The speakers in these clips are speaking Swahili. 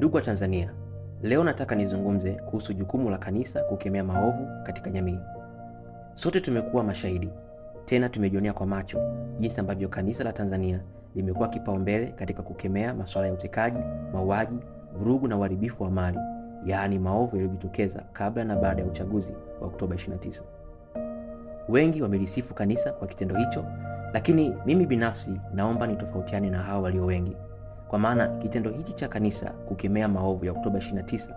Ndugu wa Tanzania, leo nataka nizungumze kuhusu jukumu la kanisa kukemea maovu katika jamii. Sote tumekuwa mashahidi, tena tumejionea kwa macho jinsi ambavyo kanisa la Tanzania limekuwa kipaumbele katika kukemea masuala ya utekaji, mauaji, vurugu na uharibifu wa mali, yaani maovu yaliyojitokeza kabla na baada ya uchaguzi wa Oktoba 29. Wengi wamelisifu kanisa kwa kitendo hicho, lakini mimi binafsi naomba nitofautiane na hao walio wengi. Kwa maana kitendo hichi cha kanisa kukemea maovu ya Oktoba 29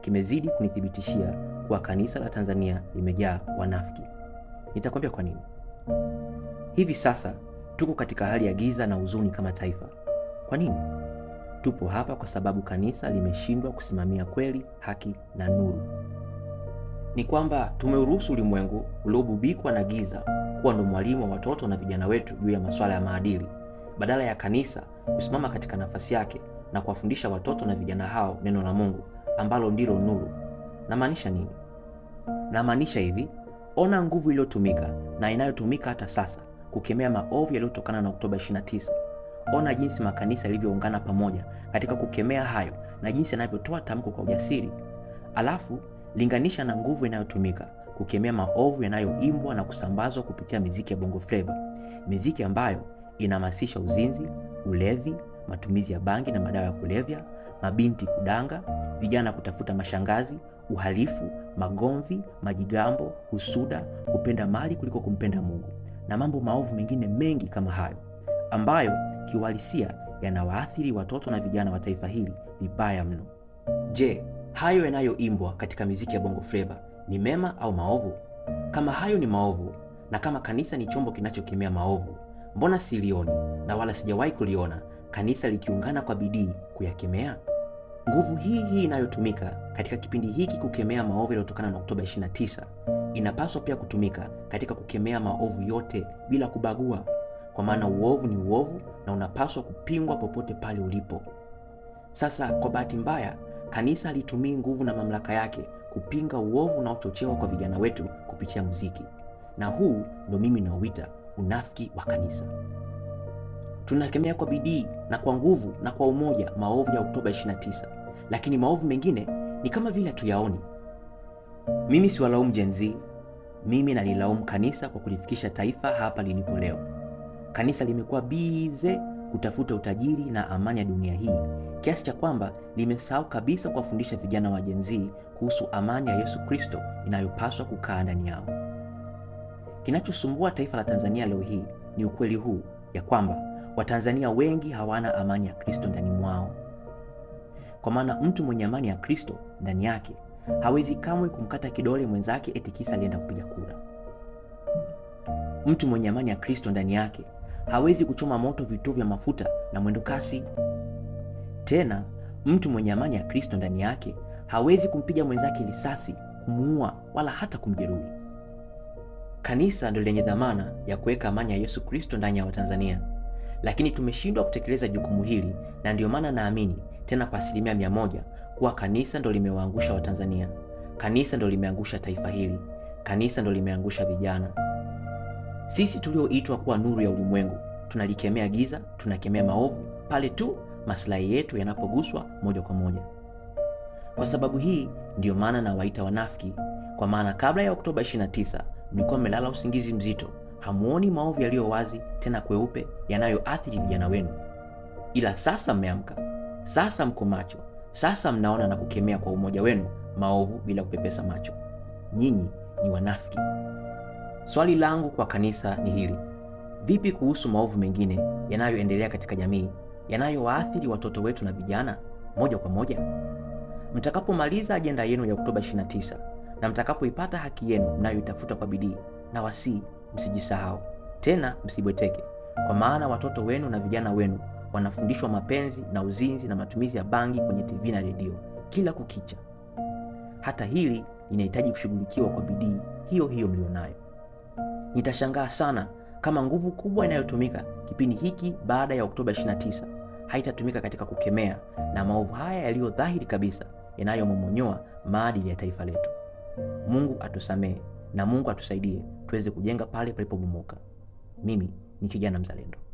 kimezidi kunithibitishia kuwa kanisa la Tanzania limejaa wanafiki. Nitakwambia kwa nini. Hivi sasa tuko katika hali ya giza na huzuni kama taifa. Kwa nini? Tupo hapa kwa sababu kanisa limeshindwa kusimamia kweli, haki na nuru. Ni kwamba tumeuruhusu ulimwengu uliobubikwa na giza kuwa ndo mwalimu wa watoto na vijana wetu juu ya masuala ya maadili badala ya kanisa kusimama katika nafasi yake na kuwafundisha watoto na vijana hao neno la Mungu ambalo ndilo nuru. Namaanisha nini? Namaanisha hivi, ona nguvu iliyotumika na inayotumika hata sasa kukemea maovu yaliyotokana na Oktoba 29. Ona jinsi makanisa yalivyoungana pamoja katika kukemea hayo na jinsi yanavyotoa tamko kwa ujasiri. Alafu linganisha na nguvu inayotumika kukemea maovu yanayoimbwa na kusambazwa kupitia miziki ya Bongo Flava, miziki ambayo inahamasisha uzinzi, ulevi, matumizi ya bangi na madawa ya kulevya, mabinti kudanga, vijana kutafuta mashangazi, uhalifu, magomvi, majigambo, husuda, kupenda mali kuliko kumpenda Mungu na mambo maovu mengine mengi kama hayo ambayo kiuhalisia yanawaathiri watoto na vijana wa taifa hili vibaya mno. Je, hayo yanayoimbwa katika miziki ya Bongo Flava ni mema au maovu? Kama hayo ni maovu na kama kanisa ni chombo kinachokemea maovu, Mbona silioni na wala sijawahi kuliona kanisa likiungana kwa bidii kuyakemea? Nguvu hii hii inayotumika katika kipindi hiki kukemea maovu yaliyotokana na Oktoba 29 inapaswa pia kutumika katika kukemea maovu yote bila kubagua, kwa maana uovu ni uovu na unapaswa kupingwa popote pale ulipo. Sasa kwa bahati mbaya, kanisa halitumii nguvu na mamlaka yake kupinga uovu unaochochewa kwa vijana wetu kupitia muziki, na huu ndo mimi nauita unafiki wa kanisa. Tunakemea kwa bidii na kwa nguvu na kwa umoja maovu ya Oktoba 29, lakini maovu mengine ni kama vile hatuyaoni. Mimi siwalaumu Gen Z, mimi nalilaumu kanisa kwa kulifikisha taifa hapa lilipo leo. Kanisa limekuwa bize kutafuta utajiri na amani ya dunia hii kiasi cha kwamba limesahau kabisa kuwafundisha vijana wa Gen Z kuhusu amani ya Yesu Kristo inayopaswa kukaa ndani yao. Kinachosumbua taifa la Tanzania leo hii ni ukweli huu ya kwamba Watanzania wengi hawana amani ya Kristo ndani mwao. Kwa maana mtu mwenye amani ya Kristo ndani yake hawezi kamwe kumkata kidole mwenzake eti kisa alienda kupiga kura. Mtu mwenye amani ya Kristo ndani yake hawezi kuchoma moto vituo vya mafuta na mwendokasi. Tena mtu mwenye amani ya Kristo ndani yake hawezi kumpiga mwenzake risasi, kumuua, wala hata kumjeruhi. Kanisa ndio lenye dhamana ya kuweka amani ya Yesu Kristo ndani ya Watanzania, lakini tumeshindwa kutekeleza jukumu hili, na ndiyo maana naamini tena kwa asilimia mia moja kuwa kanisa ndio limewaangusha Watanzania. Kanisa ndio limeangusha taifa hili. Kanisa ndio limeangusha vijana. Sisi tulioitwa kuwa nuru ya ulimwengu tunalikemea giza, tunakemea maovu pale tu maslahi yetu yanapoguswa moja kwa moja. Kwa sababu hii, ndiyo maana nawaita wanafiki kwa maana kabla ya Oktoba 29 mlikuwa mmelala usingizi mzito, hamuoni maovu yaliyo wazi tena kweupe yanayoathiri vijana wenu, ila sasa mmeamka, sasa mko macho, sasa mnaona na kukemea kwa umoja wenu maovu bila kupepesa macho. Nyinyi ni wanafiki. Swali langu kwa kanisa ni hili: vipi kuhusu maovu mengine yanayoendelea katika jamii yanayowaathiri watoto wetu na vijana moja kwa moja? Mtakapomaliza ajenda yenu ya Oktoba 29 na mtakapoipata haki yenu mnayoitafuta kwa bidii, na wasii msijisahau tena, msibweteke, kwa maana watoto wenu na vijana wenu wanafundishwa mapenzi na uzinzi na matumizi ya bangi kwenye TV na redio kila kukicha. Hata hili linahitaji kushughulikiwa kwa bidii hiyo hiyo mlionayo. Nitashangaa sana kama nguvu kubwa inayotumika kipindi hiki baada ya Oktoba 29 haitatumika katika kukemea na maovu haya yaliyo dhahiri kabisa yanayomomonyoa maadili ya taifa letu. Mungu atusamee na Mungu atusaidie tuweze kujenga pale palipobomoka. Mimi ni kijana mzalendo.